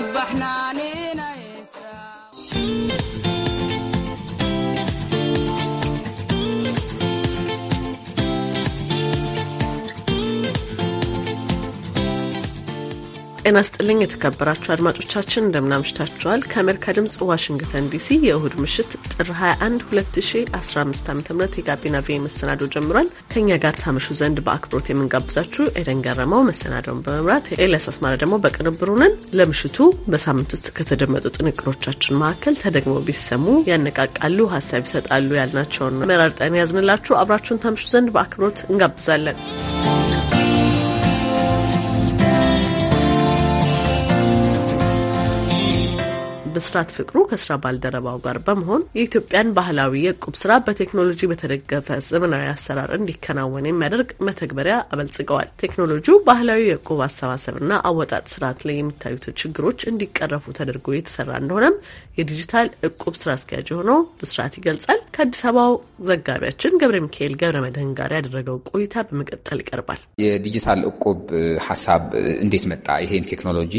احنا ጤና ስጥልኝ የተከበራችሁ አድማጮቻችን እንደምናምሽታችኋል። ከአሜሪካ ድምፅ ዋሽንግተን ዲሲ የእሁድ ምሽት ጥር 21 2015 ዓ ም የጋቢና ቪ መሰናዶ ጀምሯል። ከእኛ ጋር ታመሹ ዘንድ በአክብሮት የምንጋብዛችሁ ኤደን ገረመው መሰናዶውን በመምራት ኤልያስ አስማራ ደግሞ በቅንብሩ ነን። ለምሽቱ በሳምንት ውስጥ ከተደመጡ ጥንቅሮቻችን መካከል ተደግሞ ቢሰሙ ያነቃቃሉ፣ ሀሳብ ይሰጣሉ ያልናቸውን መራርጠን ያዝንላችሁ። አብራችሁን ታምሹ ዘንድ በአክብሮት እንጋብዛለን። መስራት ፍቅሩ ከስራ ባልደረባው ጋር በመሆን የኢትዮጵያን ባህላዊ የእቁብ ስራ በቴክኖሎጂ በተደገፈ ዘመናዊ አሰራር እንዲከናወን የሚያደርግ መተግበሪያ አበልጽገዋል። ቴክኖሎጂው ባህላዊ የቁብ አሰባሰብና አወጣጥ ስርዓት ላይ የሚታዩት ችግሮች እንዲቀረፉ ተደርጎ የተሰራ እንደሆነም የዲጂታል እቁብ ስራ አስኪያጅ የሆነው ብስራት ይገልጻል። ከአዲስ አበባው ዘጋቢያችን ገብረ ሚካኤል ገብረ መድህን ጋር ያደረገው ቆይታ በመቀጠል ይቀርባል። የዲጂታል እቁብ ሀሳብ እንዴት መጣ? ይሄን ቴክኖሎጂ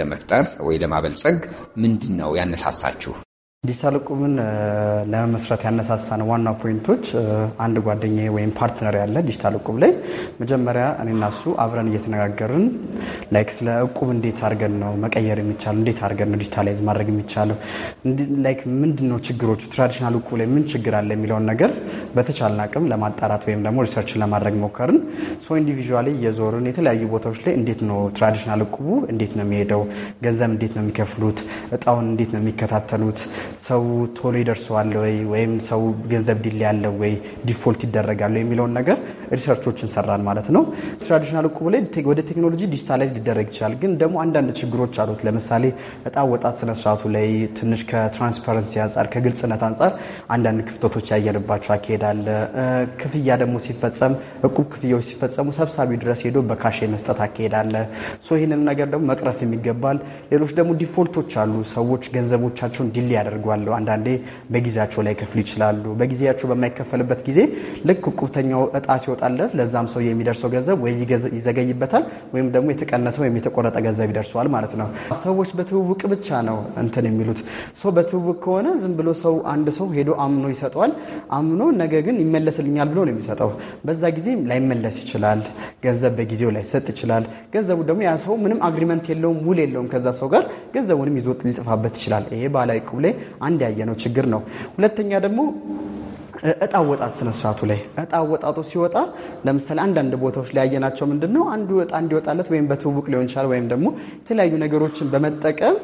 ለመፍጠር ወይ ለማበልጸግ ምንድን ነው ያነሳሳችሁ? ዲጂታል እቁብን ለመስራት ያነሳሳን ዋና ፖይንቶች አንድ ጓደኛ ወይም ፓርትነር ያለ ዲጂታል እቁብ ላይ መጀመሪያ እኔና እሱ አብረን እየተነጋገርን ላይክ ስለ እቁብ እንዴት አድርገን ነው መቀየር የሚቻለው፣ እንዴት አድርገን ነው ዲጂታላይዝ ማድረግ የሚቻለው፣ ላይክ ምንድን ነው ችግሮቹ፣ ትራዲሽናል እቁብ ላይ ምን ችግር አለ የሚለውን ነገር በተቻለን አቅም ለማጣራት ወይም ደግሞ ሪሰርችን ለማድረግ ሞከርን። ሶ ኢንዲቪዥዋሊ እየዞርን የተለያዩ ቦታዎች ላይ እንዴት ነው ትራዲሽናል እቁቡ እንዴት ነው የሚሄደው፣ ገንዘብ እንዴት ነው የሚከፍሉት፣ እጣውን እንዴት ነው የሚከታተሉት ሰው ቶሎ ይደርሰዋል ወይ ወይም ሰው ገንዘብ ድል ያለው ወይ ዲፎልት ይደረጋል የሚለውን ነገር ሪሰርቾችን ሰራን ማለት ነው። ትራዲሽናል እቁብ ላይ ወደ ቴክኖሎጂ ዲጂታላይዝ ሊደረግ ይችላል፣ ግን ደግሞ አንዳንድ ችግሮች አሉት። ለምሳሌ እጣ ወጣት ስነስርዓቱ ላይ ትንሽ ከትራንስፓረንሲ አንጻር ከግልጽነት አንጻር አንዳንድ ክፍተቶች ያየንባቸው አካሄዳለ። ክፍያ ደግሞ ሲፈጸም እቁብ ክፍያዎች ሲፈጸሙ ሰብሳቢ ድረስ ሄዶ በካሽ የመስጠት አካሄዳለ። ይህንን ነገር ደግሞ መቅረፍ የሚገባል። ሌሎች ደግሞ ዲፎልቶች አሉ። ሰዎች ገንዘቦቻቸውን ድል ያደርጋል አድርጓለሁ። አንዳንዴ በጊዜያቸው ላይ ከፍሉ ይችላሉ። በጊዜያቸው በማይከፈልበት ጊዜ ልክ ቁብተኛው እጣ ሲወጣለት ለዛም ሰው የሚደርሰው ገንዘብ ወይ ይዘገይበታል ወይም ደግሞ የተቀነሰ ወይም የተቆረጠ ገንዘብ ይደርሰዋል ማለት ነው። ሰዎች በትውውቅ ብቻ ነው እንትን የሚሉት ሰው በትውውቅ ከሆነ ዝም ብሎ ሰው አንድ ሰው ሄዶ አምኖ ይሰጠዋል። አምኖ ነገ ግን ይመለስልኛል ብሎ ነው የሚሰጠው። በዛ ጊዜ ላይመለስ ይችላል። ገንዘብ በጊዜው ሰጥ ይችላል። ገንዘቡ ደግሞ ያ ሰው ምንም አግሪመንት የለውም፣ ውል የለውም ከዛ ሰው ጋር ገንዘቡንም ይዞ ሊጥፋበት ይችላል። ይሄ ባህላዊ ቅብሌ አንድ ያየነው ችግር ነው። ሁለተኛ ደግሞ እጣ ወጣት ስነ ላይ እጣ ወጣቱ ሲወጣ ለምሳሌ አንዳንድ ቦታዎች ላይ ያየናቸው ምንድን ነው አንዱ እጣ እንዲወጣለት ወይም በትውውቅ ሊሆን ይችላል፣ ወይም ደግሞ የተለያዩ ነገሮችን በመጠቀም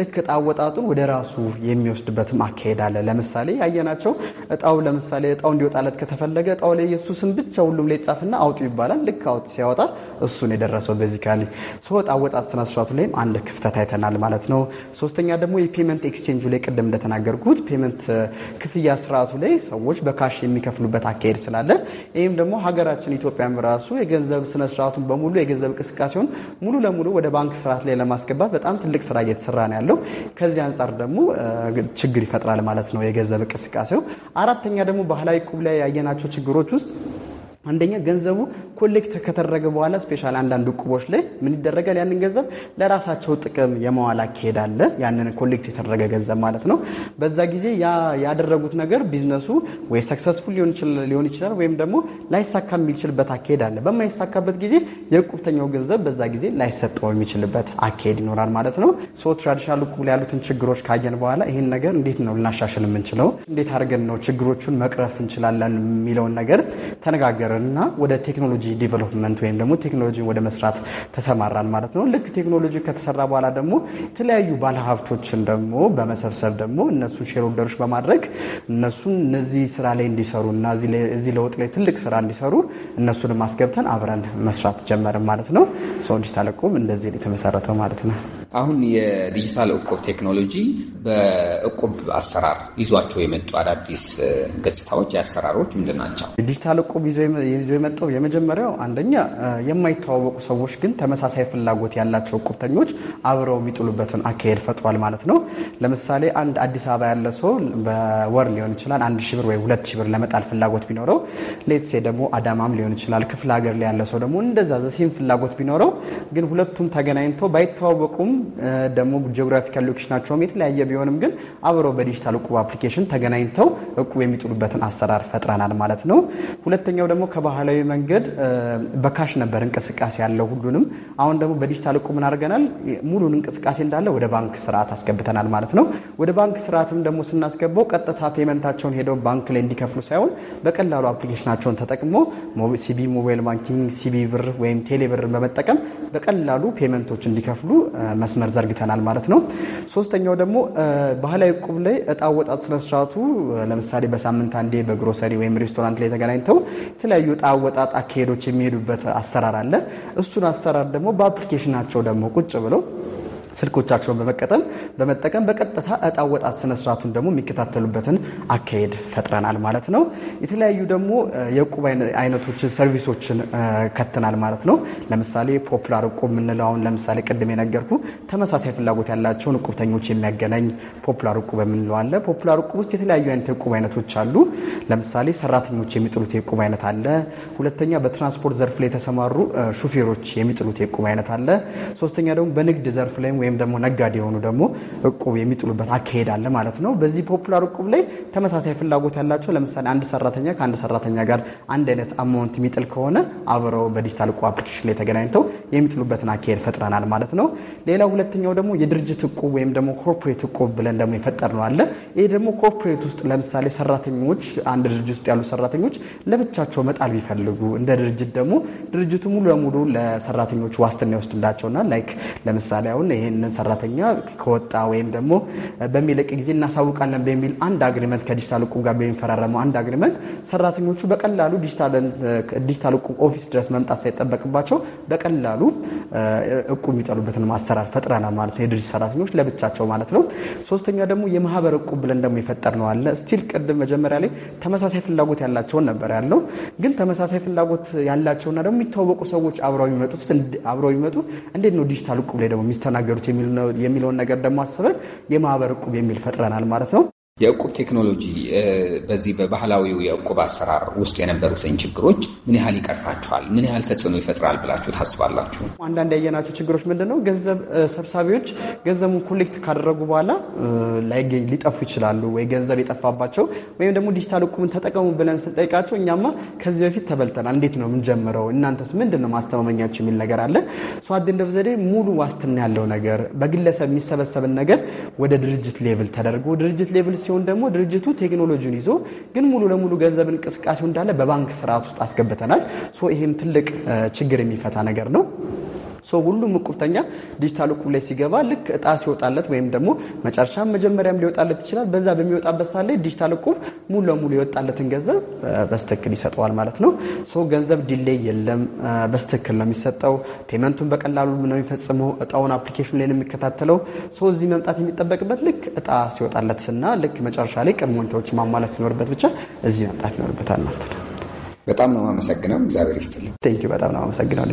ልክ እጣ ወጣቱን ወደ ራሱ የሚወስድበትም አካሄድ አለ። ለምሳሌ ያየናቸው እጣው ለምሳሌ እጣው እንዲወጣለት ከተፈለገ እጣው ላይ የሱስን ብቻ ሁሉም ላይ ይጻፍና አውጡ ይባላል። ልክ አውጥ ሲያወጣ እሱን የደረሰው ቤዚካሊ ስወጣ አወጣት ስነ ላይም አንድ ክፍተት አይተናል ማለት ነው። ሶስተኛ ደግሞ የፔመንት ኤክስቼንጁ ላይ ቅድም እንደተናገርኩት ፔመንት uh, ክፍያ ስርዓቱ ላይ ሰዎች በካሽ የሚከፍሉበት አካሄድ ስላለ ይህም ደግሞ ሀገራችን ኢትዮጵያም ራሱ የገንዘብ ስነስርዓቱን በሙሉ የገንዘብ እንቅስቃሴውን ሙሉ ለሙሉ ወደ ባንክ ስርዓት ላይ ለማስገባት በጣም ትልቅ ስራ እየተሰራ ነው ያለው። ከዚህ አንጻር ደግሞ uh, ችግር ይፈጥራል ማለት ነው የገንዘብ እንቅስቃሴው። አራተኛ ደግሞ ባህላዊ ቁብ ላይ ያየናቸው ችግሮች ውስጥ አንደኛ ገንዘቡ ኮሌክት ከተደረገ በኋላ ስፔሻል አንዳንድ እቁቦች ላይ ምን ይደረጋል? ያንን ገንዘብ ለራሳቸው ጥቅም የመዋል አካሄድ አለ። ያንን ኮሌክት የተደረገ ገንዘብ ማለት ነው። በዛ ጊዜ ያደረጉት ነገር ቢዝነሱ ወይ ሰክሰስፉል ሊሆን ይችላል ወይም ደግሞ ላይሳካ የሚችልበት አካሄድ አለ። በማይሳካበት ጊዜ የእቁብተኛው ገንዘብ በዛ ጊዜ ላይሰጠው የሚችልበት አካሄድ ይኖራል ማለት ነው። ሶ ትራዲሽናል እቁብ ላይ ያሉትን ችግሮች ካየን በኋላ ይህን ነገር እንዴት ነው ልናሻሽል የምንችለው? እንዴት አድርገን ነው ችግሮቹን መቅረፍ እንችላለን የሚለውን ነገር ተነጋገርን። ተማርንና ወደ ቴክኖሎጂ ዲቨሎፕመንት ወይም ደግሞ ቴክኖሎጂ ወደ መስራት ተሰማራን ማለት ነው። ልክ ቴክኖሎጂ ከተሰራ በኋላ ደግሞ የተለያዩ ባለሀብቶችን ደግሞ በመሰብሰብ ደግሞ እነሱ ሼር በማድረግ እነሱን እነዚህ ስራ ላይ እንዲሰሩ እና እዚህ ለውጥ ላይ ትልቅ ስራ እንዲሰሩ እነሱንም አስገብተን አብረን መስራት ጀመርን ማለት ነው። ሰው ዲጂታል እንደዚህ የተመሰረተው ማለት ነው። አሁን የዲጂታል እቁብ ቴክኖሎጂ በእቁብ አሰራር ይዟቸው የመጡ አዳዲስ ገጽታዎች የአሰራሮች ምንድን ናቸው? ዲጂታል እቁብ ይዞ የመጣው የመጀመሪያው አንደኛ የማይተዋወቁ ሰዎች ግን ተመሳሳይ ፍላጎት ያላቸው እቁብተኞች አብረው የሚጥሉበትን አካሄድ ፈጥሯል ማለት ነው። ለምሳሌ አንድ አዲስ አበባ ያለ ሰው በወር ሊሆን ይችላል አንድ ሺህ ብር ወይ ሁለት ሺህ ብር ለመጣል ፍላጎት ቢኖረው ሌትሴ ደግሞ አዳማም ሊሆን ይችላል ክፍለ ሀገር ላይ ያለ ሰው ደግሞ እንደዛ ዘሴም ፍላጎት ቢኖረው ግን ሁለቱም ተገናኝተው ባይተዋወቁም ደግሞ ጂኦግራፊካል ሎኬሽናቸውም የተለያየ ቢሆንም ግን አብረው በዲጂታል እቁብ አፕሊኬሽን ተገናኝተው እቁብ የሚጥሉበትን አሰራር ፈጥረናል ማለት ነው። ሁለተኛው ደግሞ ከባህላዊ መንገድ በካሽ ነበር እንቅስቃሴ ያለው ሁሉንም። አሁን ደግሞ በዲጂታል እቁብ ምን አድርገናል? ሙሉን እንቅስቃሴ እንዳለ ወደ ባንክ ስርዓት አስገብተናል ማለት ነው። ወደ ባንክ ስርዓትም ደግሞ ስናስገባው ቀጥታ ፔመንታቸውን ሄደው ባንክ ላይ እንዲከፍሉ ሳይሆን በቀላሉ አፕሊኬሽናቸውን ተጠቅሞ ሲቢ ሞባይል ባንኪንግ፣ ሲቢ ብር ወይም ቴሌ ብርን በመጠቀም በቀላሉ ፔመንቶች እንዲከፍሉ መስመር ዘርግተናል ማለት ነው። ሶስተኛው ደግሞ ባህላዊ ቁብ ላይ እጣ ወጣት ስነስርዓቱ ለምሳሌ በሳምንት አንዴ በግሮሰሪ ወይም ሬስቶራንት ላይ ተገናኝተው የተለያዩ እጣ ወጣት አካሄዶች የሚሄዱበት አሰራር አለ። እሱን አሰራር ደግሞ በአፕሊኬሽናቸው ደግሞ ቁጭ ብለው ስልኮቻቸውን በመቀጠል በመጠቀም በቀጥታ እጣ ወጣት ስነስርዓቱን ደግሞ የሚከታተሉበትን አካሄድ ፈጥረናል ማለት ነው። የተለያዩ ደግሞ የእቁብ አይነቶችን ሰርቪሶችን ከትናል ማለት ነው። ለምሳሌ ፖፕላር እቁብ የምንለው አሁን ለምሳሌ ቅድም የነገርኩ ተመሳሳይ ፍላጎት ያላቸውን እቁብተኞች የሚያገናኝ ፖፕላር እቁብ የምንለው አለ። ፖፑላር እቁብ ውስጥ የተለያዩ አይነት የእቁብ አይነቶች አሉ። ለምሳሌ ሰራተኞች የሚጥሉት የእቁብ አይነት አለ። ሁለተኛ በትራንስፖርት ዘርፍ ላይ የተሰማሩ ሹፌሮች የሚጥሉት የእቁብ አይነት አለ። ሶስተኛ ደግሞ በንግድ ዘርፍ ላይ ወይም ደግሞ ነጋዴ የሆኑ ደግሞ እቁብ የሚጥሉበት አካሄድ አለ ማለት ነው። በዚህ ፖፑላር እቁብ ላይ ተመሳሳይ ፍላጎት ያላቸው ለምሳሌ አንድ ሰራተኛ ከአንድ ሰራተኛ ጋር አንድ አይነት አማውንት የሚጥል ከሆነ አብረው በዲጂታል እቁብ አፕሊኬሽን ላይ ተገናኝተው የሚጥሉበትን አካሄድ ፈጥረናል ማለት ነው። ሌላ ሁለተኛው ደግሞ የድርጅት እቁብ ወይም ደግሞ ኮርፖሬት እቁብ ብለን ደግሞ ነው አለ። ይሄ ደግሞ ኮርፖሬት ውስጥ ለምሳሌ ሰራተኞች አንድ ድርጅት ውስጥ ያሉ ሰራተኞች ለብቻቸው መጣል ቢፈልጉ እንደ ድርጅት ደግሞ ድርጅቱ ሙሉ ለሙሉ ለሰራተኞች ዋስትና ይወስድላቸውና ላይክ ለምሳሌ አሁን ይህንን ሰራተኛ ከወጣ ወይም ደግሞ በሚለቅ ጊዜ እናሳውቃለን በሚል አንድ አግሪመንት ከዲጂታል እቁብ ጋር በሚፈራረመው አንድ አግሪመንት ሰራተኞቹ በቀላሉ ዲጂታል እቁብ ኦፊስ ድረስ መምጣት ሳይጠበቅባቸው በቀላሉ እቁብ የሚጠሉበትን ማሰራር ፈጥረና ማለት ነው። የድርጅት ሰራተኞች ለብቻቸው ማለት ነው። ሶስተኛ ደግሞ የማህበር እቁብ ብለን ደግሞ የፈጠር ነው አለ ስቲል ቅድም መጀመሪያ ላይ ተመሳሳይ ፍላጎት ያላቸውን ነበር ያለው። ግን ተመሳሳይ ፍላጎት ያላቸውና ደግሞ የሚተዋወቁ ሰዎች አብረው አብረው የሚመጡ እንዴት ነው ዲጂታል እቁብ ላይ ደግሞ የሚስተናገዱ የሚሉት የሚለውን ነገር ደግሞ አስበን የማህበር እቁብ የሚል ፈጥረናል ማለት ነው። የእቁብ ቴክኖሎጂ በዚህ በባህላዊው የእቁብ አሰራር ውስጥ የነበሩትን ችግሮች ምን ያህል ይቀርፋችኋል? ምን ያህል ተጽዕኖ ይፈጥራል ብላችሁ ታስባላችሁ? አንዳንድ ያየናቸው ችግሮች ምንድን ነው? ገንዘብ ሰብሳቢዎች ገንዘቡን ኮሌክት ካደረጉ በኋላ ላይገኝ ሊጠፉ ይችላሉ ወይ ገንዘብ የጠፋባቸው ወይም ደግሞ ዲጂታል እቁብን ተጠቀሙ ብለን ስንጠይቃቸው እኛማ ከዚህ በፊት ተበልተናል፣ እንዴት ነው የምንጀምረው? እናንተስ ምንድን ነው ማስተማመኛቸው የሚል ነገር አለ። ሰዋድ ዘዴ ሙሉ ዋስትና ያለው ነገር በግለሰብ የሚሰበሰብን ነገር ወደ ድርጅት ሌቭል ተደርጎ ድርጅት ሌቭል ሲሆን ደግሞ ድርጅቱ ቴክኖሎጂውን ይዞ ግን ሙሉ ለሙሉ ገንዘብ እንቅስቃሴው እንዳለ በባንክ ስርዓት ውስጥ አስገብተናል። ይህም ትልቅ ችግር የሚፈታ ነገር ነው። ሁሉም እቁብተኛ ዲጂታል እቁብ ላይ ሲገባ ልክ እጣ ሲወጣለት ወይም ደግሞ መጨረሻ መጀመሪያም ሊወጣለት ይችላል። በዛ በሚወጣበት ሰዓት ላይ ዲጂታል እቁብ ሙሉ ለሙሉ የወጣለትን ገንዘብ በስተክል ይሰጠዋል ማለት ነው። ገንዘብ ዲሌይ የለም፣ በስተክል ነው የሚሰጠው። ፔመንቱን በቀላሉ ነው የሚፈጽመው። እጣውን አፕሊኬሽን ላይ ነው የሚከታተለው። እዚህ መምጣት የሚጠበቅበት ልክ እጣ ሲወጣለትና ልክ መጨረሻ ላይ ቅድመ ሁኔታዎች ማሟላት ሲኖርበት ብቻ እዚህ መምጣት ይኖርበታል ማለት ነው። በጣም ነው የማመሰግነው። እግዚአብሔር ይስጥልኝ። ቴንኪው። በጣም ነው የማመሰግነው።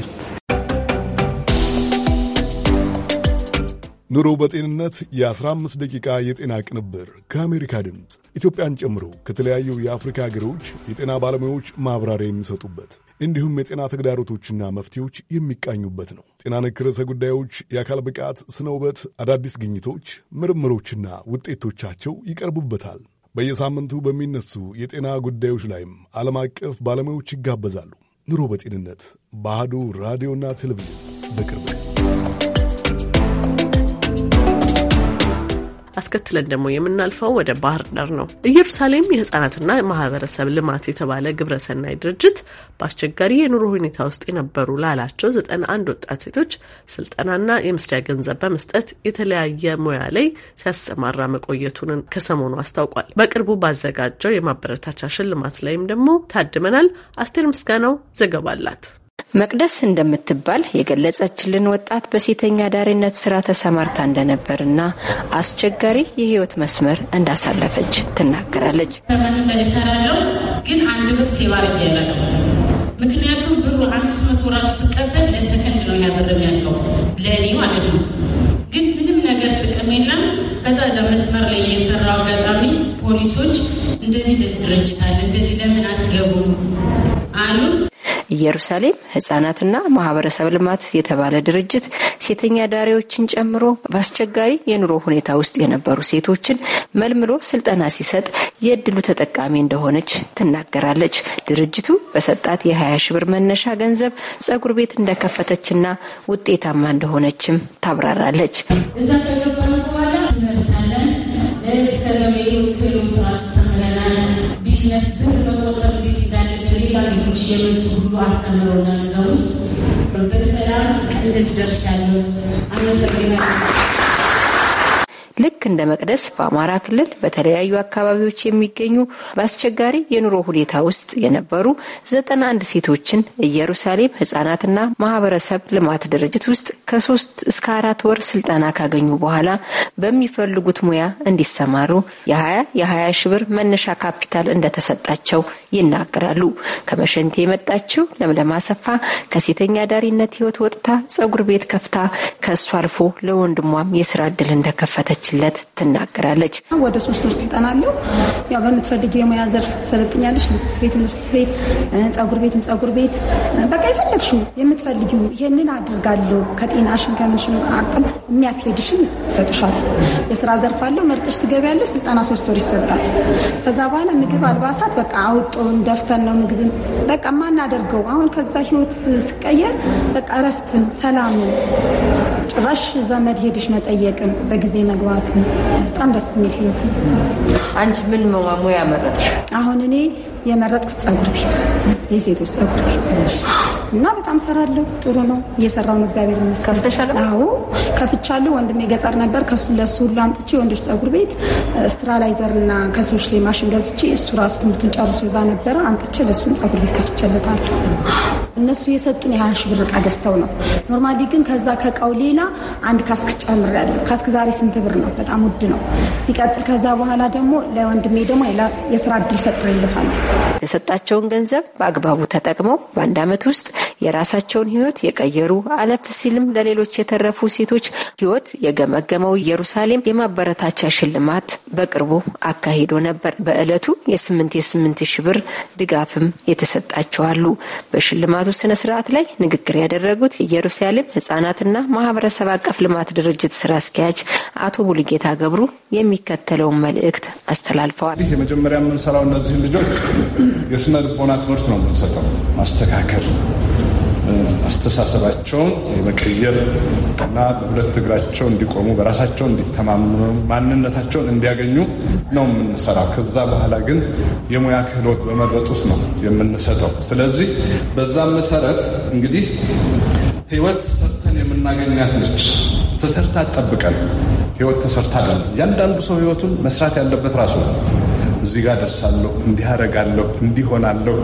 ኑሮ በጤንነት የ15 ደቂቃ የጤና ቅንብር ከአሜሪካ ድምፅ ኢትዮጵያን ጨምሮ ከተለያዩ የአፍሪካ ሀገሮች የጤና ባለሙያዎች ማብራሪያ የሚሰጡበት እንዲሁም የጤና ተግዳሮቶችና መፍትሄዎች የሚቃኙበት ነው። ጤና ነክ ርዕሰ ጉዳዮች፣ የአካል ብቃት፣ ስነ ውበት፣ አዳዲስ ግኝቶች፣ ምርምሮችና ውጤቶቻቸው ይቀርቡበታል። በየሳምንቱ በሚነሱ የጤና ጉዳዮች ላይም ዓለም አቀፍ ባለሙያዎች ይጋበዛሉ። ኑሮ በጤንነት በአህዱ ራዲዮና ቴሌቪዥን በቅርብ አስከትለን ደግሞ የምናልፈው ወደ ባህር ዳር ነው። ኢየሩሳሌም የህጻናትና ማህበረሰብ ልማት የተባለ ግብረሰናይ ድርጅት በአስቸጋሪ የኑሮ ሁኔታ ውስጥ የነበሩ ላላቸው ዘጠና አንድ ወጣት ሴቶች ስልጠናና የመስሪያ ገንዘብ በመስጠት የተለያየ ሙያ ላይ ሲያሰማራ መቆየቱን ከሰሞኑ አስታውቋል። በቅርቡ ባዘጋጀው የማበረታቻ ሽልማት ላይም ደግሞ ታድመናል። አስቴር ምስጋናው ዘገባ አላት። መቅደስ እንደምትባል የገለጸችልን ወጣት በሴተኛ ዳሪነት ስራ ተሰማርታ እንደነበርና አስቸጋሪ የህይወት መስመር እንዳሳለፈች ትናገራለች። ግን አንድ ምክንያቱም ብሩ አምስት መቶ ራሱ ትቀበል ለሰከንድ ነው ያለው ለእኔ ማለት ነው። ግን ምንም ነገር ጥቅም የለም። መስመር ላይ የሰራው አጋጣሚ ፖሊሶች እንደዚህ ደስ ድርጅት እንደዚህ ለም ኢየሩሳሌም ህጻናትና ማህበረሰብ ልማት የተባለ ድርጅት ሴተኛ ዳሪዎችን ጨምሮ በአስቸጋሪ የኑሮ ሁኔታ ውስጥ የነበሩ ሴቶችን መልምሎ ስልጠና ሲሰጥ የእድሉ ተጠቃሚ እንደሆነች ትናገራለች። ድርጅቱ በሰጣት የሀያ ሽብር ሺ ብር መነሻ ገንዘብ ጸጉር ቤት እንደከፈተችና ውጤታማ እንደሆነችም ታብራራለች። እየመጡ ሁሉ አስተምረውናል። እዛ ውስጥ በሰላም እንደዚህ ደርሻለሁ። አመሰግናለሁ። እንደ መቅደስ በአማራ ክልል በተለያዩ አካባቢዎች የሚገኙ በአስቸጋሪ የኑሮ ሁኔታ ውስጥ የነበሩ ዘጠና አንድ ሴቶችን ኢየሩሳሌም ህጻናትና ማህበረሰብ ልማት ድርጅት ውስጥ ከሶስት እስከ አራት ወር ስልጠና ካገኙ በኋላ በሚፈልጉት ሙያ እንዲሰማሩ የሀያ የሀያ ሺ ብር መነሻ ካፒታል እንደተሰጣቸው ይናገራሉ። ከመሸንቴ የመጣችው ለምለም አሰፋ ከሴተኛ ዳሪነት ህይወት ወጥታ ጸጉር ቤት ከፍታ ከእሱ አልፎ ለወንድሟም የስራ እድል እንደከፈተችለት በመግለጽ ትናገራለች። ወደ ሶስት ወር ስልጠና አለው። ያው በምትፈልግ የሙያ ዘርፍ ትሰለጥኛለች። ልብስ ቤት ልብስ ቤት፣ ጸጉር ቤትም ጸጉር ቤት፣ በቃ የፈለግሽው የምትፈልጊ ይህንን አድርጋለሁ ከጤናሽን ከምንሽን አቅም የሚያስሄድሽን ይሰጡሻል። የስራ ዘርፍ አለው። መርጠሽ ትገቢያለሽ። ስልጠና ሶስት ወር ይሰጣል። ከዛ በኋላ ምግብ፣ አልባሳት በቃ አውጦን ደፍተን ነው ምግብን በቃ ማናደርገው አሁን ከዛ ህይወት ስቀየር በቃ እረፍትን ሰላምን ጭራሽ ዘመድ ሄድሽ መጠየቅም በጊዜ መግባት በጣም ደስ የሚል ህይወት አንቺ ምን ሙያ መረጥሽ? አሁን እኔ የመረጥኩት ጸጉር ቤት፣ የሴቶች ጸጉር ቤት እና በጣም ሰራለሁ። ጥሩ ነው እየሰራው ነው። እግዚአብሔር ይመስገን። አዎ ከፍቻለሁ። ወንድሜ ገጠር ነበር። ከሱ ለሱ ሁሉ አምጥቼ ወንዶች ጸጉር ቤት ስትራላይዘር እና ከሰዎች ላይ ማሽን ገዝቼ እሱ ራሱ ትምህርቱን ጨርሶ እዛ ነበረ አምጥቼ ለሱም ጸጉር ቤት ከፍቼለታለሁ። እነሱ የሰጡን የሀያ ሺህ ብር እቃ ገዝተው ነው። ኖርማሊ ግን ከዛ ከእቃው ሌላ አንድ ካስክ ጨምሬያለሁ። ካስክ ዛሬ ስንት ብር ነው? በጣም ውድ ነው። ሲቀጥል ከዛ በኋላ ደግሞ ለወንድሜ ደግሞ የስራ እድል ፈጥሬለታለሁ። የተሰጣቸውን ገንዘብ በአግባቡ ተጠቅመው በአንድ አመት ውስጥ የራሳቸውን ሕይወት የቀየሩ አለፍ ሲልም ለሌሎች የተረፉ ሴቶች ሕይወት የገመገመው ኢየሩሳሌም የማበረታቻ ሽልማት በቅርቡ አካሂዶ ነበር። በዕለቱ የስምንት የስምንት ሺ ብር ድጋፍም የተሰጣቸው አሉ። በሽልማቱ ስነ ስርዓት ላይ ንግግር ያደረጉት ኢየሩሳሌም ህጻናትና ማህበረሰብ አቀፍ ልማት ድርጅት ስራ አስኪያጅ አቶ ቡልጌታ ገብሩ የሚከተለውን መልእክት አስተላልፈዋል። ይህ የመጀመሪያ የምንሰራው እነዚህ ልጆች የስነ ልቦና ትምህርት ነው የምንሰጠው ማስተካከል አስተሳሰባቸውን የመቀየር እና በሁለት እግራቸው እንዲቆሙ በራሳቸው እንዲተማመኑ ማንነታቸውን እንዲያገኙ ነው የምንሰራው። ከዛ በኋላ ግን የሙያ ክህሎት በመረጡት ነው የምንሰጠው። ስለዚህ በዛ መሰረት እንግዲህ ህይወት ሰርተን የምናገኛት ነች። ተሰርታ ጠብቀን ህይወት ተሰርታ እያንዳንዱ ሰው ህይወቱን መስራት ያለበት ራሱ ነው። እዚህ ጋር ደርሳለሁ፣ እንዲህ አደርጋለሁ፣ እንዲህ ሆናለሁ፣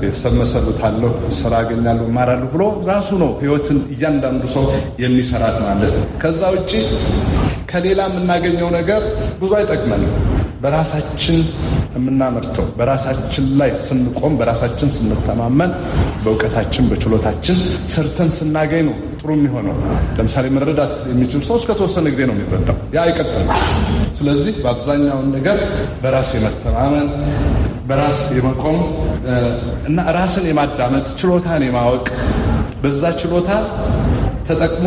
ቤተሰብ መሰርታለሁ፣ ስራ አገኛለሁ፣ እማራለሁ ብሎ ራሱ ነው ህይወትን እያንዳንዱ ሰው የሚሰራት ማለት ነው። ከዛ ውጭ ከሌላ የምናገኘው ነገር ብዙ አይጠቅመንም። በራሳችን የምናመርተው በራሳችን ላይ ስንቆም በራሳችን ስንተማመን በእውቀታችን በችሎታችን ሰርተን ስናገኝ ነው ጥሩ የሚሆነው። ለምሳሌ መረዳት የሚችል ሰው እስከተወሰነ ጊዜ ነው የሚረዳው። ያ አይቀጥልም። ስለዚህ በአብዛኛውን ነገር በራስ የመተማመን በራስ የመቆም እና ራስን የማዳመጥ ችሎታን የማወቅ በዛ ችሎታ ተጠቅሞ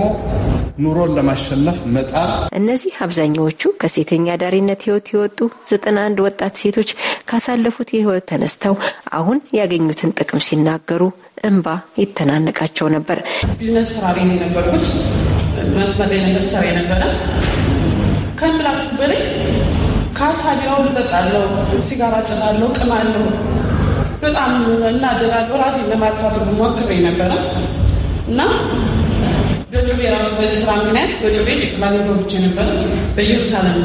ኑሮን ለማሸነፍ መጣ። እነዚህ አብዛኛዎቹ ከሴተኛ አዳሪነት ህይወት የወጡ ዘጠና አንድ ወጣት ሴቶች ካሳለፉት የህይወት ተነስተው አሁን ያገኙትን ጥቅም ሲናገሩ እንባ ይተናነቃቸው ነበር። ቢዝነስ ስራ የነበርኩት። መስመር ላይ ነገር ስራ የነበረ ከምላችሁ በላይ ካሳ ቢራውን ሲጋራ ጭሳለሁ፣ ቅማለሁ። በጣም እናደዳለሁ። ራሴን ለማጥፋት ሞክሬ ነበረ እና በጩቤ ራሱ በዚህ ስራ ምክንያት በጩቤ ጭቅላት የተወብቼ ነበረ። በኢየሩሳሌም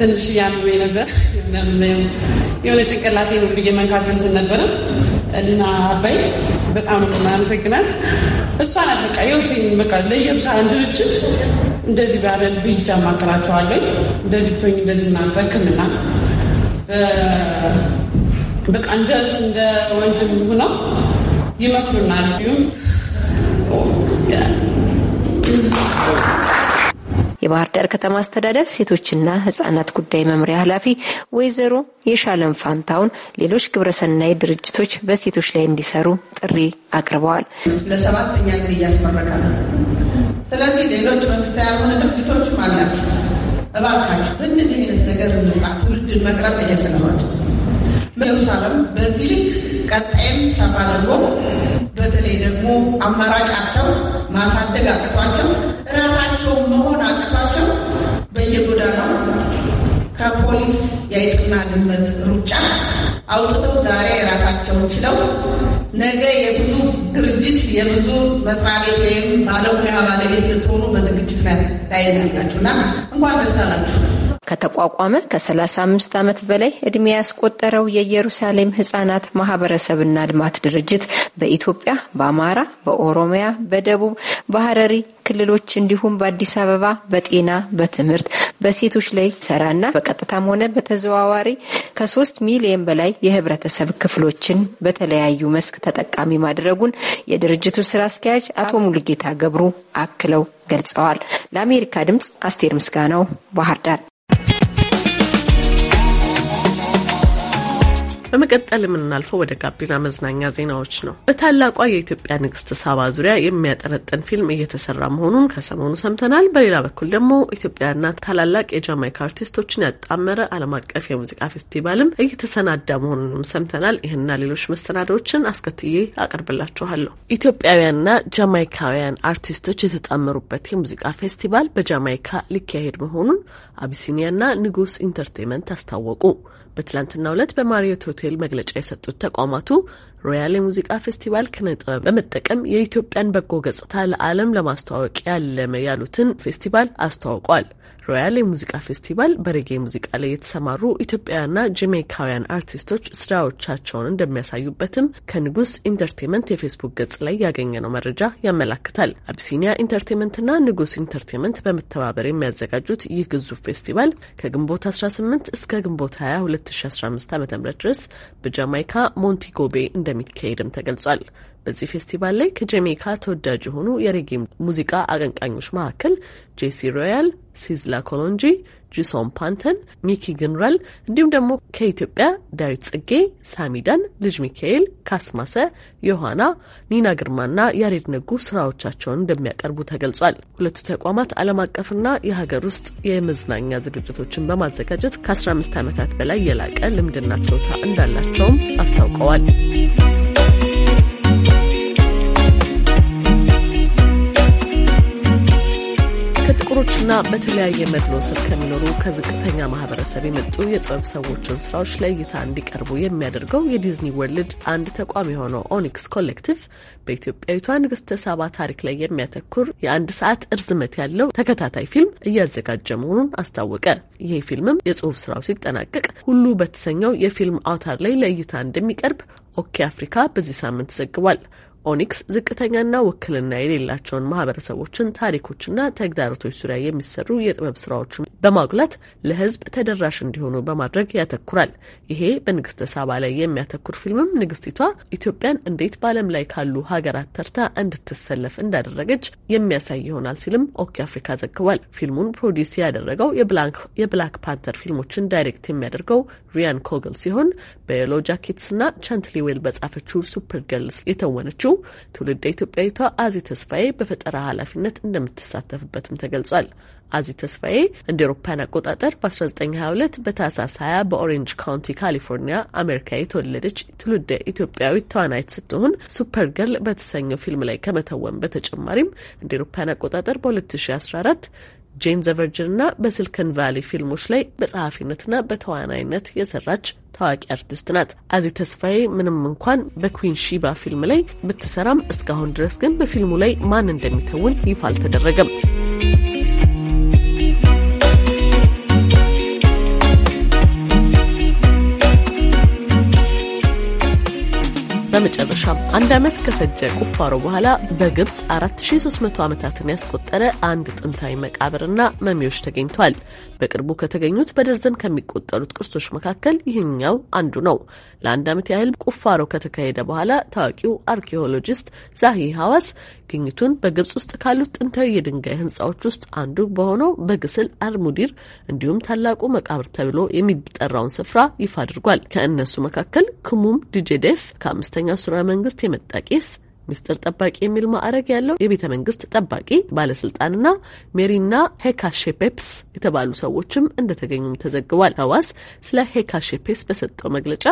ትንሽ እያመመኝ ነበር። የሆነ ጭንቅላቴ ነው ብዬ መንካት እንትን ነበረ እና አባይ በጣም አመሰግናት። እሷ ናት በቃ የውቴን በቃ ለኢየሩሳሌም ድርጅት እንደዚህ ቢያደል ብይቻ ማከራቸዋለኝ እንደዚህ ብቶኝ እንደዚህ ምናምን በሕክምና በቃ እንደ እንደ ወንድም ሆነው ይመክሩናል። ፊም የባህር ዳር ከተማ አስተዳደር ሴቶችና ህጻናት ጉዳይ መምሪያ ኃላፊ ወይዘሮ የሻለም ፋንታውን ሌሎች ግብረሰናይ ድርጅቶች በሴቶች ላይ እንዲሰሩ ጥሪ አቅርበዋል። ለሰባተኛ ጊዜ እያስመረቃል ስለዚህ ሌሎች መንግስታዊ ያልሆነ ድርጅቶችም አላችሁ። እባካችሁ በእነዚህ አይነት ነገር ምስራ ትውልድን መቅረጽ ይሄ ስለሆነ ኢየሩሳሌም በዚህ ቀጣይም ሰፋ አድርጎ በተለይ ደግሞ አማራጭ አጥተው ማሳደግ አቅቷቸው እራሳቸው መሆን አቅቷቸው በየጎዳናው ከፖሊስ የአይጥና ድመት ሩጫ አውጥተው ዛሬ ራሳቸውን ችለው ነገ የብዙ ድርጅት የብዙ መስሪያ ቤት ወይም ባለሙያ ባለቤት ልትሆኑ በዝግጅት ላይ ላይ እና እንኳን ደስ አላችሁ። ከተቋቋመ ከ35 ዓመት በላይ ዕድሜ ያስቆጠረው የኢየሩሳሌም ህጻናት ማህበረሰብና ልማት ድርጅት በኢትዮጵያ በአማራ፣ በኦሮሚያ፣ በደቡብ፣ በሀረሪ ክልሎች እንዲሁም በአዲስ አበባ በጤና፣ በትምህርት በሴቶች ላይ ሰራና በቀጥታም ሆነ በተዘዋዋሪ ከሶስት ሚሊየን በላይ የህብረተሰብ ክፍሎችን በተለያዩ መስክ ተጠቃሚ ማድረጉን የድርጅቱ ስራ አስኪያጅ አቶ ሙሉጌታ ገብሩ አክለው ገልጸዋል። ለአሜሪካ ድምጽ አስቴር ምስጋናው ባህር ዳር። በመቀጠል የምናልፈው ወደ ጋቢና መዝናኛ ዜናዎች ነው። በታላቋ የኢትዮጵያ ንግስት ሳባ ዙሪያ የሚያጠነጥን ፊልም እየተሰራ መሆኑን ከሰሞኑ ሰምተናል። በሌላ በኩል ደግሞ ኢትዮጵያና ታላላቅ የጃማይካ አርቲስቶችን ያጣመረ ዓለም አቀፍ የሙዚቃ ፌስቲቫልም እየተሰናዳ መሆኑንም ሰምተናል። ይህና ሌሎች መሰናዶዎችን አስከትዬ አቀርብላችኋለሁ። ኢትዮጵያውያንና ጃማይካውያን አርቲስቶች የተጣመሩበት የሙዚቃ ፌስቲቫል በጃማይካ ሊካሄድ መሆኑን አቢሲኒያና ንጉስ ኢንተርቴንመንት አስታወቁ። በትላንትናው ዕለት በማሪዮት ሆቴል መግለጫ የሰጡት ተቋማቱ ሮያል የሙዚቃ ፌስቲቫል ኪነ ጥበብ በመጠቀም የኢትዮጵያን በጎ ገጽታ ለዓለም ለማስተዋወቅ ያለመ ያሉትን ፌስቲቫል አስተዋውቋል። ሮያል የሙዚቃ ፌስቲቫል በሬጌ ሙዚቃ ላይ የተሰማሩ ኢትዮጵያውያንና ጀሜይካውያን አርቲስቶች ስራዎቻቸውን እንደሚያሳዩበትም ከንጉስ ኢንተርቴንመንት የፌስቡክ ገጽ ላይ ያገኘነው መረጃ ያመላክታል። አቢሲኒያ ኢንተርቴንመንትና ንጉስ ኢንተርቴንመንት በመተባበር የሚያዘጋጁት ይህ ግዙፍ ፌስቲቫል ከግንቦት 18 እስከ ግንቦት 20 2015 ዓ ም ድረስ በጃማይካ ሞንቲጎቤ እንደሚካሄድም ተገልጿል። በዚህ ፌስቲቫል ላይ ከጀሜካ ተወዳጅ የሆኑ የሬጌ ሙዚቃ አቀንቃኞች መካከል ጄሲ ሮያል፣ ሲዝላ ኮሎንጂ፣ ጂሶን ፓንተን፣ ሚኪ ግንራል እንዲሁም ደግሞ ከኢትዮጵያ ዳዊት ጽጌ፣ ሳሚዳን፣ ልጅ ሚካኤል፣ ካስማሰ፣ ዮሐና፣ ኒና ግርማና ያሬድ ነጉ ስራዎቻቸውን እንደሚያቀርቡ ተገልጿል። ሁለቱ ተቋማት ዓለም አቀፍና የሀገር ውስጥ የመዝናኛ ዝግጅቶችን በማዘጋጀት ከ15 ዓመታት በላይ የላቀ ልምድና ችሎታ እንዳላቸውም አስታውቀዋል። ጥቁሮችና በተለያየ መድሎ ስር ከሚኖሩ ከዝቅተኛ ማህበረሰብ የመጡ የጥበብ ሰዎችን ስራዎች ለእይታ እንዲቀርቡ የሚያደርገው የዲዝኒ ወርልድ አንድ ተቋም የሆነው ኦኒክስ ኮሌክቲቭ በኢትዮጵያዊቷ ንግስተ ሳባ ታሪክ ላይ የሚያተኩር የአንድ ሰዓት እርዝመት ያለው ተከታታይ ፊልም እያዘጋጀ መሆኑን አስታወቀ። ይሄ ፊልምም የጽሁፍ ስራው ሲጠናቀቅ ሁሉ በተሰኘው የፊልም አውታር ላይ ለእይታ እንደሚቀርብ ኦኬ አፍሪካ በዚህ ሳምንት ዘግቧል። ኦኒክስ ዝቅተኛና ውክልና የሌላቸውን ማህበረሰቦችን ታሪኮችና ተግዳሮቶች ዙሪያ የሚሰሩ የጥበብ ስራዎችን በማጉላት ለሕዝብ ተደራሽ እንዲሆኑ በማድረግ ያተኩራል። ይሄ በንግስተ ሳባ ላይ የሚያተኩር ፊልምም ንግስቲቷ ኢትዮጵያን እንዴት በዓለም ላይ ካሉ ሀገራት ተርታ እንድትሰለፍ እንዳደረገች የሚያሳይ ይሆናል ሲልም ኦኪ አፍሪካ ዘግቧል። ፊልሙን ፕሮዲስ ያደረገው የብላክ ፓንተር ፊልሞችን ዳይሬክት የሚያደርገው ሪያን ኮግል ሲሆን በየሎ ጃኬትስና ቻንትሊዌል በጻፈችው ሱፐር ገርልስ የተወነችው የገለጸችው ትውልደ ኢትዮጵያዊቷ አዚ ተስፋዬ በፈጠራ ኃላፊነት እንደምትሳተፍበትም ተገልጿል። አዚ ተስፋዬ እንደ ኤሮፓያን አቆጣጠር በ1922 በታህሳስ 20 በኦሬንጅ ካውንቲ ካሊፎርኒያ አሜሪካ የተወለደች ትውልደ ኢትዮጵያዊት ተዋናይት ስትሆን ሱፐር ገርል በተሰኘው ፊልም ላይ ከመተወን በተጨማሪም እንደ ኤሮፓያን አቆጣጠር በ2014 ጄን ዘቨርጅንና በሲሊከን ቫሊ ፊልሞች ላይ በጸሐፊነትና በተዋናይነት የሰራች ታዋቂ አርቲስት ናት። አዚ ተስፋዬ ምንም እንኳን በኩዊን ሺባ ፊልም ላይ ብትሰራም እስካሁን ድረስ ግን በፊልሙ ላይ ማን እንደሚተውን ይፋ አልተደረገም። በመጨረሻም አንድ ዓመት ከፈጀ ቁፋሮ በኋላ በግብፅ 4300 ዓመታትን ያስቆጠረ አንድ ጥንታዊ መቃብርና መሚዎች ተገኝቷል። በቅርቡ ከተገኙት በደርዘን ከሚቆጠሩት ቅርሶች መካከል ይህኛው አንዱ ነው። ለአንድ ዓመት ያህል ቁፋሮ ከተካሄደ በኋላ ታዋቂው አርኪኦሎጂስት ዛሂ ሀዋስ ግኝቱን በግብጽ ውስጥ ካሉት ጥንታዊ የድንጋይ ህንፃዎች ውስጥ አንዱ በሆነው በግስል አርሙዲር እንዲሁም ታላቁ መቃብር ተብሎ የሚጠራውን ስፍራ ይፋ አድርጓል። ከእነሱ መካከል ክሙም ዲጄዴፍ ከአምስተኛው ሱራ መንግስት የመጣ ቄስ ሚስጥር ጠባቂ የሚል ማዕረግ ያለው የቤተ መንግስት ጠባቂ ባለስልጣንና ሜሪና ሄካሼፔፕስ የተባሉ ሰዎችም እንደተገኙም ተዘግቧል። ሀዋስ ስለ ሄካሼፔፕስ በሰጠው መግለጫ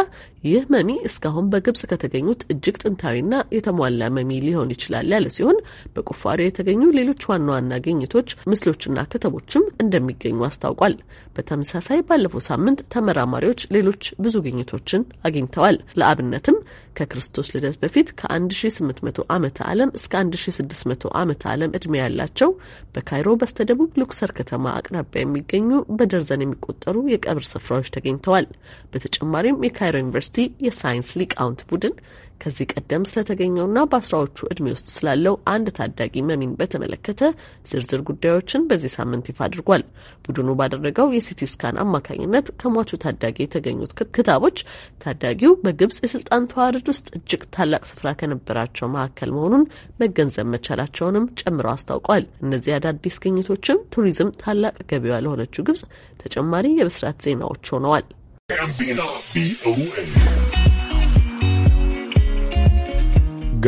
ይህ መሚ እስካሁን በግብጽ ከተገኙት እጅግ ጥንታዊና የተሟላ መሚ ሊሆን ይችላል ያለ ሲሆን በቁፋሪ የተገኙ ሌሎች ዋና ዋና ግኝቶች፣ ምስሎችና ከተቦችም እንደሚገኙ አስታውቋል። በተመሳሳይ ባለፈው ሳምንት ተመራማሪዎች ሌሎች ብዙ ግኝቶችን አግኝተዋል። ለአብነትም ከክርስቶስ ልደት በፊት ከ1800 ዓመተ ዓለም እስከ 1600 ዓመተ ዓለም ዕድሜ ያላቸው በካይሮ በስተደቡብ ሉክሰር ከተማ አቅራቢያ የሚገኙ በደርዘን የሚቆጠሩ የቀብር ስፍራዎች ተገኝተዋል። በተጨማሪም የካይሮ ዩኒቨርሲቲ የሳይንስ ሊቃውንት ቡድን ከዚህ ቀደም ስለተገኘውና በአስራዎቹ እድሜ ውስጥ ስላለው አንድ ታዳጊ መሚን በተመለከተ ዝርዝር ጉዳዮችን በዚህ ሳምንት ይፋ አድርጓል። ቡድኑ ባደረገው የሲቲ ስካን አማካኝነት ከሟቹ ታዳጊ የተገኙት ክታቦች ታዳጊው በግብጽ የስልጣን ተዋረድ ውስጥ እጅግ ታላቅ ስፍራ ከነበራቸው መካከል መሆኑን መገንዘብ መቻላቸውንም ጨምረው አስታውቋል። እነዚህ አዳዲስ ግኝቶችም ቱሪዝም ታላቅ ገቢዋ ለሆነችው ግብጽ ተጨማሪ የብስራት ዜናዎች ሆነዋል።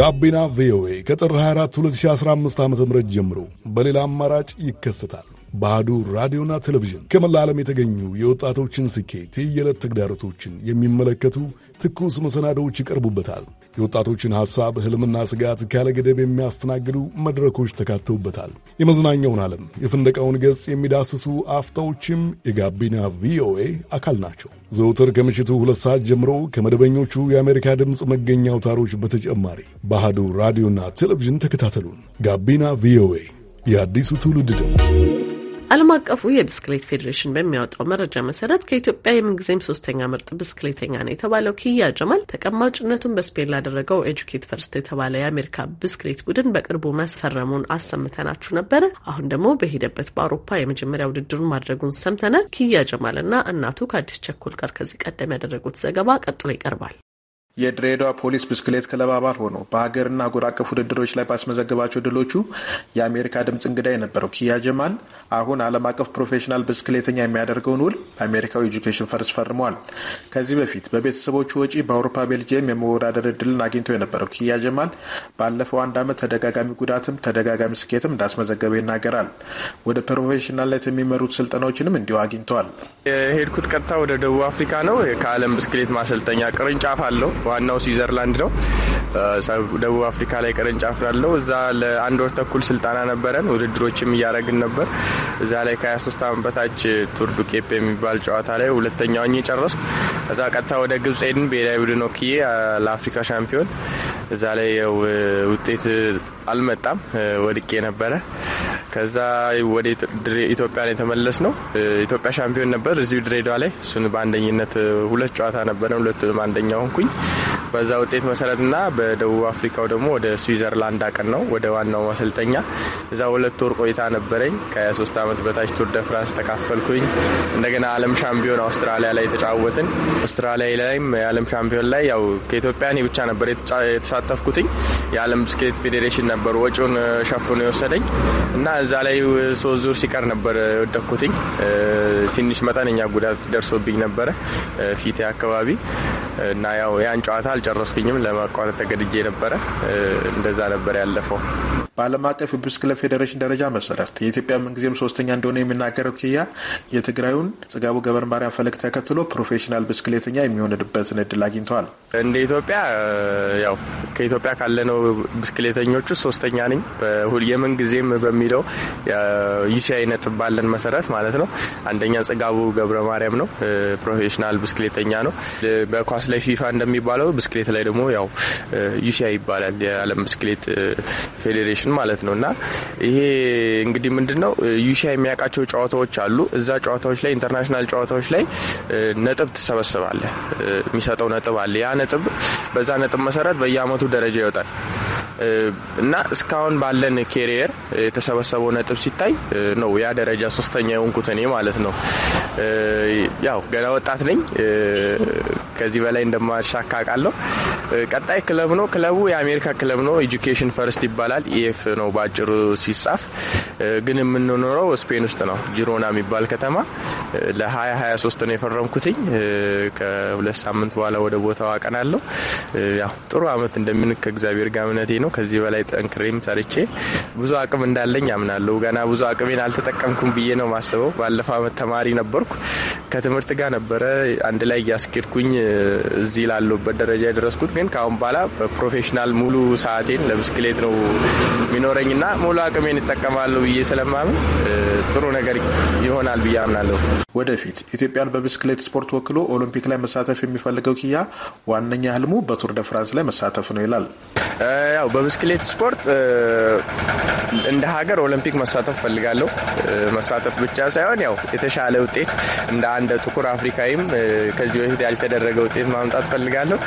ጋቢና ቪኦኤ ከጥር 24 2015 ዓ ም ጀምሮ በሌላ አማራጭ ይከሰታል። ባህዱ ራዲዮና ቴሌቪዥን ከመላ ዓለም የተገኙ የወጣቶችን ስኬት፣ የየዕለት ተግዳሮቶችን የሚመለከቱ ትኩስ መሰናዶዎች ይቀርቡበታል። የወጣቶችን ሐሳብ፣ ሕልምና ስጋት ካለ ገደብ የሚያስተናግዱ መድረኮች ተካተውበታል። የመዝናኛውን ዓለም፣ የፍንደቃውን ገጽ የሚዳስሱ አፍታዎችም የጋቢና ቪኦኤ አካል ናቸው። ዘውትር ከምሽቱ ሁለት ሰዓት ጀምሮ ከመደበኞቹ የአሜሪካ ድምፅ መገኛ አውታሮች በተጨማሪ ባህዱ ራዲዮና ቴሌቪዥን ተከታተሉን። ጋቢና ቪኦኤ የአዲሱ ትውልድ ድምፅ ዓለም አቀፉ የብስክሌት ፌዴሬሽን በሚያወጣው መረጃ መሰረት ከኢትዮጵያ የምንጊዜም ሶስተኛ ምርጥ ብስክሌተኛ ነው የተባለው ኪያ ጀማል ተቀማጭነቱን በስፔን ላደረገው ኤጁኬት ፈርስት የተባለ የአሜሪካ ብስክሌት ቡድን በቅርቡ መፈረሙን አሰምተናችሁ ነበረ። አሁን ደግሞ በሄደበት በአውሮፓ የመጀመሪያ ውድድሩን ማድረጉን ሰምተናል። ኪያ ጀማልና እናቱ ከአዲስ ቸኮል ጋር ከዚህ ቀደም ያደረጉት ዘገባ ቀጥሎ ይቀርባል። የድሬዳዋ ፖሊስ ብስክሌት ክለብ አባል ሆኖ በሀገርና አህጉር አቀፍ ውድድሮች ላይ ባስመዘገባቸው ድሎቹ የአሜሪካ ድምፅ እንግዳ የነበረው ኪያ ጀማል አሁን ዓለም አቀፍ ፕሮፌሽናል ብስክሌተኛ የሚያደርገውን ውል በአሜሪካዊ ኤጁኬሽን ፈርስ ፈርመዋል። ከዚህ በፊት በቤተሰቦቹ ወጪ በአውሮፓ ቤልጅየም የመወዳደር እድልን አግኝቶ የነበረው ኪያ ጀማል ባለፈው አንድ ዓመት ተደጋጋሚ ጉዳትም ተደጋጋሚ ስኬትም እንዳስመዘገበ ይናገራል። ወደ ፕሮፌሽናልነት የሚመሩት ስልጠናዎችንም እንዲሁ አግኝተዋል። የሄድኩት ቀጥታ ወደ ደቡብ አፍሪካ ነው። ከዓለም ብስክሌት ማሰልጠኛ ቅርንጫፍ አለው ዋናው ስዊዘርላንድ ነው። ደቡብ አፍሪካ ላይ ቅርንጫፍ ላለው እዛ ለአንድ ወር ተኩል ስልጠና ነበረን። ውድድሮችም እያደረግን ነበር። እዛ ላይ ከ23 ዓመት በታች ቱርዱ ቄፕ የሚባል ጨዋታ ላይ ሁለተኛ ሁለተኛውን የጨረስኩ እዛ ቀጥታ ወደ ግብጽ ሄድን። ብሔራዊ ቡድን ወክዬ ለአፍሪካ ሻምፒዮን እዛ ላይ ውጤት አልመጣም፣ ወድቄ ነበረ ከዛ ወደ ኢትዮጵያ ላይ የተመለስ ነው። ኢትዮጵያ ሻምፒዮን ነበር እዚሁ ድሬዳዋ ላይ። እሱን በአንደኝነት ሁለት ጨዋታ ነበረ፣ ሁለቱንም አንደኛ ሆንኩኝ። በዛ ውጤት መሰረት ና በደቡብ አፍሪካው ደግሞ ወደ ስዊዘርላንድ አቀን ነው ወደ ዋናው ማሰልጠኛ። እዛ ሁለት ወር ቆይታ ነበረኝ። ከ23 ዓመት በታች ቱር ደ ፍራንስ ተካፈልኩኝ። እንደገና ዓለም ሻምፒዮን አውስትራሊያ ላይ ተጫወትን አውስትራሊያ ላይም የዓለም ሻምፒዮን ላይ ያው ከኢትዮጵያ እኔ ብቻ ነበር የተሳተፍኩትኝ። የዓለም ብስክሌት ፌዴሬሽን ነበር ወጪውን ሸፍኖ የወሰደኝ እና እዛ ላይ ሶስት ዙር ሲቀር ነበር የወደኩትኝ። ትንሽ መጠነኛ ጉዳት ደርሶብኝ ነበረ ፊቴ አካባቢ እና ያው ያን ጨዋታ አልጨረስኩኝም፣ ለማቋረጥ ተገድጄ ነበረ። እንደዛ ነበር ያለፈው። በዓለም አቀፍ የብስክሌት ፌዴሬሽን ደረጃ መሰረት የኢትዮጵያ ምንጊዜም ሶስተኛ እንደሆነ የሚናገረው ኪያ የትግራዩን ጽጋቡ ገበር ማርያም ፈለግ ተከትሎ ፕሮፌሽናል ብስክሌተኛ የሚሆንበትን እድል አግኝተዋል። እንደ ኢትዮጵያ ያው ከኢትዮጵያ ካለነው ብስክሌተኞቹ ሶስተኛ ነኝ። የምን ጊዜም በሚለው ዩሲአይ ነጥብ ባለን መሰረት ማለት ነው። አንደኛ ጽጋቡ ገብረ ማርያም ነው። ፕሮፌሽናል ብስክሌተኛ ነው። በኳስ ላይ ፊፋ እንደሚባለው ብስክሌት ላይ ደግሞ ያው ዩሲአይ ይባላል። የዓለም ብስክሌት ፌዴሬሽን ሀገራችን ማለት ነው እና ይሄ እንግዲህ ምንድን ነው ዩሻ የሚያውቃቸው ጨዋታዎች አሉ። እዛ ጨዋታዎች ላይ ኢንተርናሽናል ጨዋታዎች ላይ ነጥብ ትሰበስባለህ። የሚሰጠው ነጥብ አለ። ያ ነጥብ በዛ ነጥብ መሰረት በየአመቱ ደረጃ ይወጣል እና እስካሁን ባለን ኬሪየር የተሰበሰበው ነጥብ ሲታይ ነው ያ ደረጃ ሶስተኛ የሆንኩት እኔ ማለት ነው። ያው ገና ወጣት ነኝ። ከዚህ በላይ እንደማሻካ ቃለሁ ቀጣይ ክለብ ነው። ክለቡ የአሜሪካ ክለብ ነው። ኤጁኬሽን ፈርስት ይባላል። ኢኤፍ e ነው በአጭሩ ሲጻፍ። ግን የምንኖረው ስፔን ውስጥ ነው፣ ጂሮና የሚባል ከተማ። ለ2023 ነው የፈረምኩትኝ። ከሁለት ሳምንት በኋላ ወደ ቦታው አቀናለሁ። ጥሩ አመት እንደሚሆን ከእግዚአብሔር ጋር እምነቴ ነው። ከዚህ በላይ ጠንክሬም ሰርቼ ብዙ አቅም እንዳለኝ አምናለሁ። ገና ብዙ አቅሜን አልተጠቀምኩም ብዬ ነው ማስበው። ባለፈው አመት ተማሪ ነበርኩ። ከትምህርት ጋር ነበረ አንድ ላይ እያስኬድኩኝ እዚህ ላለሁበት ደረጃ የደረስኩት ግን ከአሁን በኋላ በፕሮፌሽናል ሙሉ ሰዓቴን ለብስክሌት ነው የሚኖረኝ ና ሙሉ አቅሜን ይጠቀማሉ ብዬ ስለማምን ጥሩ ነገር ይሆናል ብዬ አምናለሁ። ወደፊት ኢትዮጵያን በብስክሌት ስፖርት ወክሎ ኦሎምፒክ ላይ መሳተፍ የሚፈልገው ኪያ ዋነኛ ህልሙ በቱር ደ ፍራንስ ላይ መሳተፍ ነው ይላል። ያው በብስክሌት ስፖርት እንደ ሀገር ኦሎምፒክ መሳተፍ ፈልጋለሁ። መሳተፍ ብቻ ሳይሆን ያው የተሻለ ውጤት እንደ አንድ ጥቁር አፍሪካዊም ከዚህ በፊት ያልተደረገ ውጤት ማምጣት ፈልጋለሁ።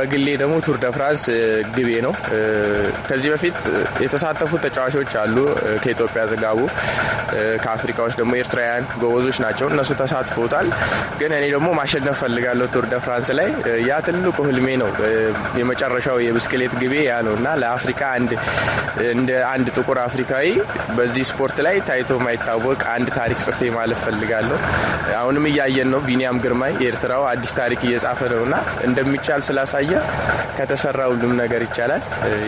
በግሌ ደግሞ ቱር ደ ፍራንስ ግቤ ነው። ከዚህ በፊት የተሳተፉ ተጫዋቾች አሉ። ከኢትዮጵያ ዘጋቡ፣ ከአፍሪካዎች ደግሞ ኤርትራውያን ጎበዞች ናቸው። እነሱ ተሳትፎታል። ግን እኔ ደግሞ ማሸነፍ ፈልጋለሁ ቱር ደ ፍራንስ ላይ። ያ ትልቁ ህልሜ ነው። የመጨረሻው የብስክሌት ግቤ ያ ነው እና ለአፍሪካ እንደ አንድ ጥቁር አፍሪካዊ በዚህ ስፖርት ላይ ታይቶ ማይታወቅ አንድ ታሪክ ጽፌ ማለፍ ፈልጋለሁ። አሁንም እያየን ነው። ቢኒያም ግርማይ የኤርትራው አዲስ ታሪክ እየጻፈ ነው እና እንደሚቻል ስላሳየ ኪውያ ከተሰራ ሁሉም ነገር ይቻላል።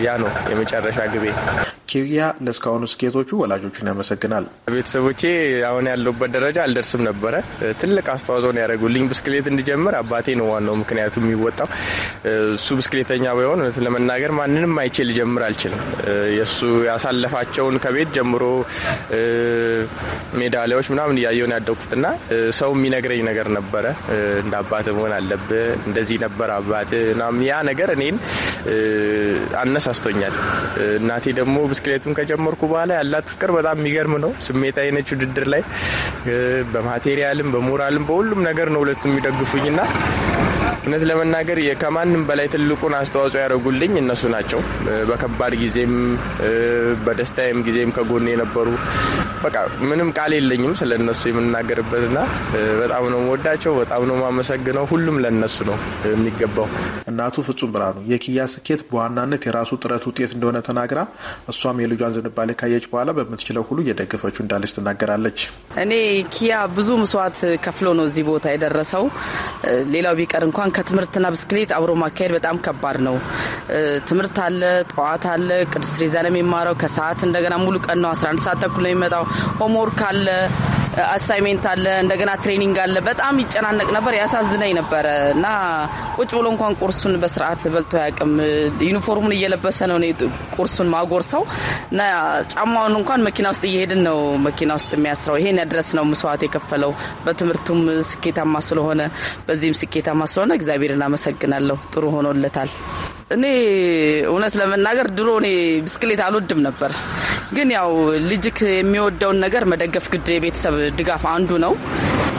ያ ነው የመጨረሻ ግቤ። ኪውያ እንደስካሁኑ ስኬቶቹ ወላጆቹን ያመሰግናል። ቤተሰቦቼ አሁን ያለሁበት ደረጃ አልደርስም ነበረ። ትልቅ አስተዋጽኦ ነው ያደረጉልኝ። ብስክሌት እንዲጀምር አባቴ ነው ዋናው ምክንያቱ የሚወጣው። እሱ ብስክሌተኛ ባይሆን እውነት ለመናገር ማንንም አይቼ ልጀምር አልችልም። የእሱ ያሳለፋቸውን ከቤት ጀምሮ ሜዳሊያዎች ምናምን እያየውን ያደጉትና ሰው የሚነግረኝ ነገር ነበረ እንደ አባት መሆን አለብህ እንደዚህ ነበር አባት በጣም ያ ነገር እኔን አነሳስቶኛል። እናቴ ደግሞ ብስክሌቱን ከጀመርኩ በኋላ ያላት ፍቅር በጣም የሚገርም ነው። ስሜት አይነች ውድድር ላይ በማቴሪያልም በሞራልም በሁሉም ነገር ነው ሁለቱ የሚደግፉኝና እውነት ለመናገር ከማንም በላይ ትልቁን አስተዋጽኦ ያደረጉልኝ እነሱ ናቸው። በከባድ ጊዜም በደስታዬም ጊዜም ከጎን የነበሩ በቃ ምንም ቃል የለኝም ስለ እነሱ የምናገርበትና በጣም ነው መወዳቸው፣ በጣም ነው ማመሰግነው። ሁሉም ለእነሱ ነው የሚገባው። እናቱ ፍጹም ብርሃኑ የኪያ ስኬት በዋናነት የራሱ ጥረት ውጤት እንደሆነ ተናግራ እሷም የልጇን ዝንባሌ ካየች በኋላ በምትችለው ሁሉ እየደገፈችው እንዳለች ትናገራለች። እኔ ኪያ ብዙ መስዋዕት ከፍሎ ነው እዚህ ቦታ የደረሰው። ሌላው ቢቀር እንኳን ከትምህርትና ብስክሌት አብሮ ማካሄድ በጣም ከባድ ነው። ትምህርት አለ፣ ጠዋት አለ፣ ቅድስት ትሬዛ ነው የሚማረው ከሰዓት እንደገና ሙሉ ቀን ነው 11 ሰዓት ተኩል ነው የሚመጣው። ሆምወርክ አለ አሳይሜንት አለ፣ እንደገና ትሬኒንግ አለ። በጣም ይጨናነቅ ነበር፣ ያሳዝነኝ ነበረ እና ቁጭ ብሎ እንኳን ቁርሱን በስርዓት በልቶ አያውቅም። ዩኒፎርሙን እየለበሰ ነው ቁርሱን ማጎርሰው እና ጫማውን እንኳን መኪና ውስጥ እየሄድን ነው መኪና ውስጥ የሚያስረው። ይሄን ያድረስ ነው ምስዋት የከፈለው በትምህርቱም ስኬታማ ስለሆነ በዚህም ስኬታማ ስለሆነ እግዚአብሔርን አመሰግናለሁ። ጥሩ ሆኖለታል። እኔ እውነት ለመናገር ድሮ እኔ ብስክሌት አልወድም ነበር፣ ግን ያው ልጅክ የሚወደውን ነገር መደገፍ ግድ የቤተሰብ ድጋፍ አንዱ ነው።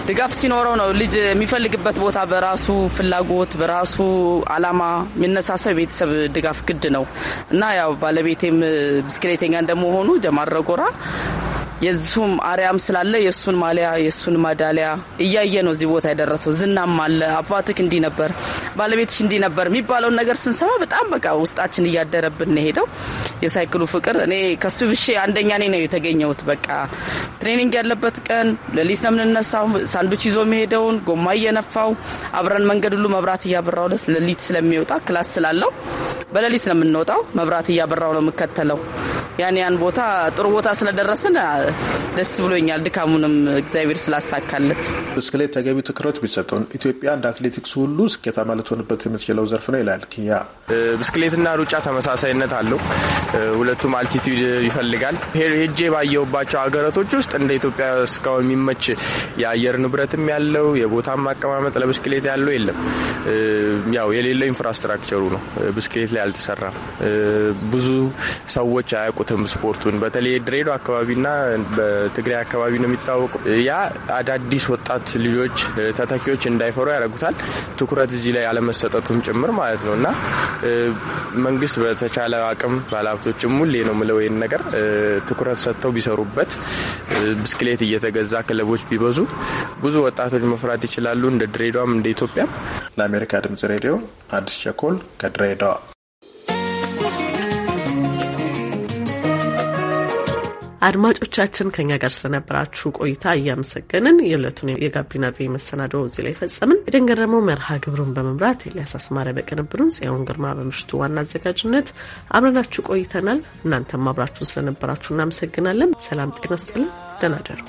ድጋፍ ሲኖረው ነው ልጅ የሚፈልግበት ቦታ በራሱ ፍላጎት በራሱ አላማ የሚነሳሰብ የቤተሰብ ድጋፍ ግድ ነው እና ያው ባለቤቴም ብስክሌተኛ እንደመሆኑ ጀማረጎራ የሱም አርያም ስላለ የእሱን ማሊያ የእሱን ማዳሊያ እያየ ነው እዚህ ቦታ የደረሰው። ዝናም አለ አባትክ እንዲህ ነበር፣ ባለቤትሽ እንዲህ ነበር የሚባለውን ነገር ስንሰማ በጣም በቃ ውስጣችን እያደረብን ሄደው። የሳይክሉ ፍቅር እኔ ከሱ ብሼ አንደኛ እኔ ነው የተገኘሁት። በቃ ትሬኒንግ ያለበት ቀን ሌሊት ነው የምንነሳው። ሳንዱች ይዞ መሄደውን ጎማ እየነፋው አብረን መንገድ ሁሉ መብራት እያበራው ሌሊት ስለሚወጣ ክላስ ስላለው በሌሊት ነው የምንወጣው። መብራት እያበራው ነው የምከተለው። ያን ያን ቦታ ጥሩ ቦታ ስለደረስን ደስ ብሎኛል፣ ድካሙንም እግዚአብሔር ስላሳካለት። ብስክሌት ተገቢ ትኩረት ቢሰጠው ኢትዮጵያ እንደ አትሌቲክስ ሁሉ ስኬታማ ልትሆንበት የምትችለው ዘርፍ ነው ይላል ኪያ። ብስክሌትና ሩጫ ተመሳሳይነት አለው። ሁለቱም አልቲቲዩድ ይፈልጋል። ሄጄ ባየሁባቸው ሀገራቶች ውስጥ እንደ ኢትዮጵያ እስካሁን የሚመች የአየር ንብረትም ያለው የቦታም አቀማመጥ ለብስክሌት ያለው የለም። ያው የሌለው ኢንፍራስትራክቸሩ ነው። ብስክሌት ላይ አልተሰራም። ብዙ ሰዎች አያውቁትም ስፖርቱን በተለይ ድሬዳዋ አካባቢና በትግራይ አካባቢ ነው የሚታወቀው። ያ አዳዲስ ወጣት ልጆች ተተኪዎች እንዳይፈሩ ያደርጉታል። ትኩረት እዚህ ላይ አለመሰጠቱም ጭምር ማለት ነው እና መንግስት በተቻለ አቅም ባለሀብቶችም ሁሌ ነው ምለው ይህን ነገር ትኩረት ሰጥተው ቢሰሩበት፣ ብስክሌት እየተገዛ ክለቦች ቢበዙ ብዙ ወጣቶች መፍራት ይችላሉ፣ እንደ ድሬዳዋም እንደ ኢትዮጵያም። ለአሜሪካ ድምጽ ሬዲዮ አዲስ ቸኮል ከድሬዳዋ አድማጮቻችን ከኛ ጋር ስለነበራችሁ ቆይታ እያመሰገንን የዕለቱን የጋቢና ቤ መሰናዶ እዚህ ላይ ፈጸምን። የደንገረመው መርሃ ግብሩን በመምራት ኤልያስ አስማረ በቅንብሩ፣ ጽዮን ግርማ በምሽቱ ዋና አዘጋጅነት አብረናችሁ ቆይተናል። እናንተም አብራችሁን ስለነበራችሁ እናመሰግናለን። ሰላም ጤና ስጥልን። ደናደሩ